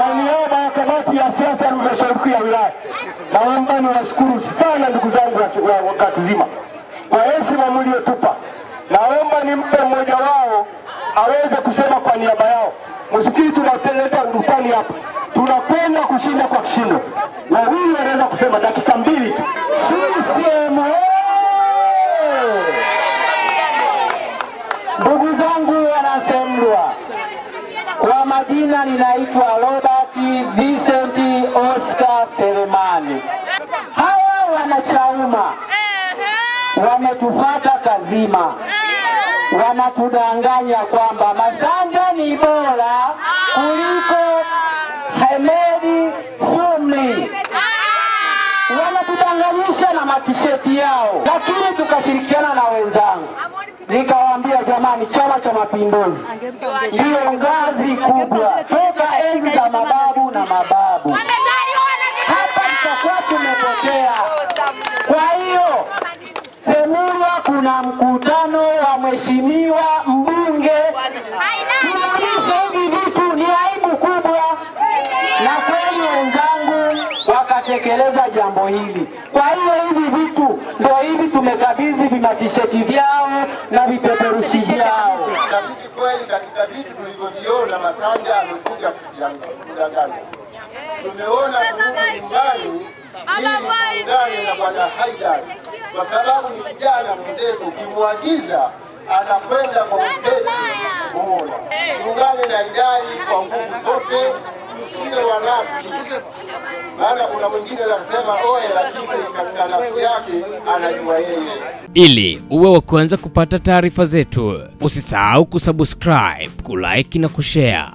Kwa niaba ya kamati ya siasa ya halmashauri ya wilaya, naomba niwashukuru sana ndugu zangu wakati zima kwa heshima mliotupa. Naomba nimpe mmoja wao aweze kusema kwa niaba yao. Msikii tunateleta urutani hapa, tunakwenda kushinda kwa kishindo, na huyu anaweza kusema dakika mbili tu. CCM Ndugu zangu wanasemlwa, kwa majina ninaitwa Roba hayati Vincent Oscar Seremani. Hawa wanachauma wametufata kazima, wanatudanganya kwamba Masanja ni bora kuliko Hemedi Sumli, wanatudanganyisha na matisheti yao, lakini tukashirikiana na wenzangu nika zamani Chama cha Mapinduzi ndiyo ngazi kubwa toka enzi za mababu na mababu, hapa tutakuwa tumepotea. Kwa hiyo Semurwa, kuna mkutano wa mheshimiwa mbunge tunamisha hivi vitu, ni aibu kubwa na kweli wenzangu hawajatekeleza jambo hili. Kwa hiyo hivi vitu ndio hivi tumekabidhi vimatisheti vyao na vipeperushi vyao, na sisi kweli katika vitu tulivyoviona Masanja amekuja kudanganya. Tumeona nyumbani gani na Bwana Haidar kwa sababu ni kijana mwenzetu, ukimwagiza anakwenda kwa upesi. Muona, tuungane na idari kwa nguvu zote msiwe wanafi, maana kuna mwingine anasema oye, lakini katika nafsi yake anajua yeye. Ili uwe wa kwanza kupata taarifa zetu, usisahau kusubscribe, kulike na kushare.